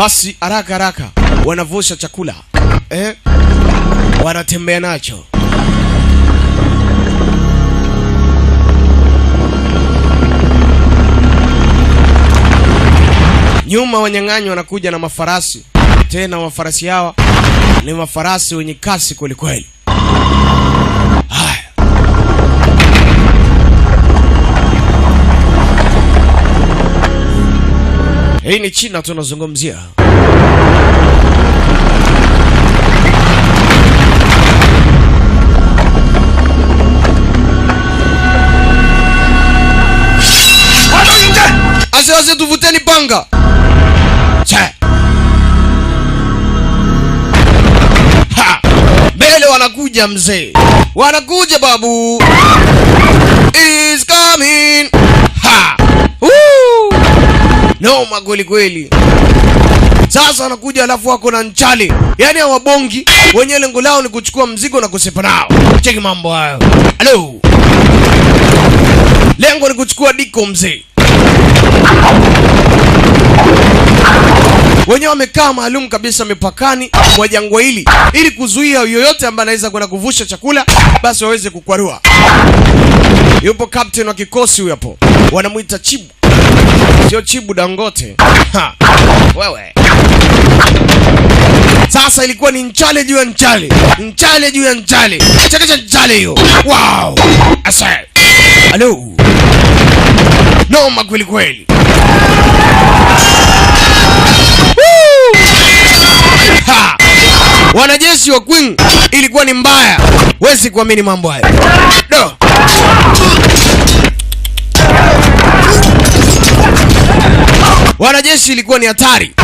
Basi haraka haraka wanavusha chakula eh, wanatembea nacho nyuma. Wanyang'anyi wanakuja na mafarasi tena, mafarasi hawa ni mafarasi wenye kasi kwelikweli. Hii ni China tunazungumzia. Asiwase tuvuteni panga. Mbele wanakuja mzee. Wanakuja babu. Is coming noma kweli kweli. Sasa wanakuja alafu wako na nchali, yaani hawabongi wenye lengo lao ni kuchukua mzigo na kusepa nao. Cheki mambo hayo. Halo, lengo ni kuchukua diko mzee. Wenyewe wamekaa maalum kabisa mipakani mwa jangwa hili ili kuzuia yoyote ambaye anaweza kwenda kuvusha chakula, basi waweze kukwarua. Yupo captain wa kikosi huyo hapo, wanamwita Chibu sio Chibu Dangote ha. Wewe sasa ilikuwa ni nchale juu ya nchale, nchale juu ya nchale, chekesha nchale hiyo. Wow, asa noma kweli kweli. Wanajeshi wa Queen ilikuwa ni mbaya, wezi kuamini mambo hayo do jeshi ilikuwa ni hatari.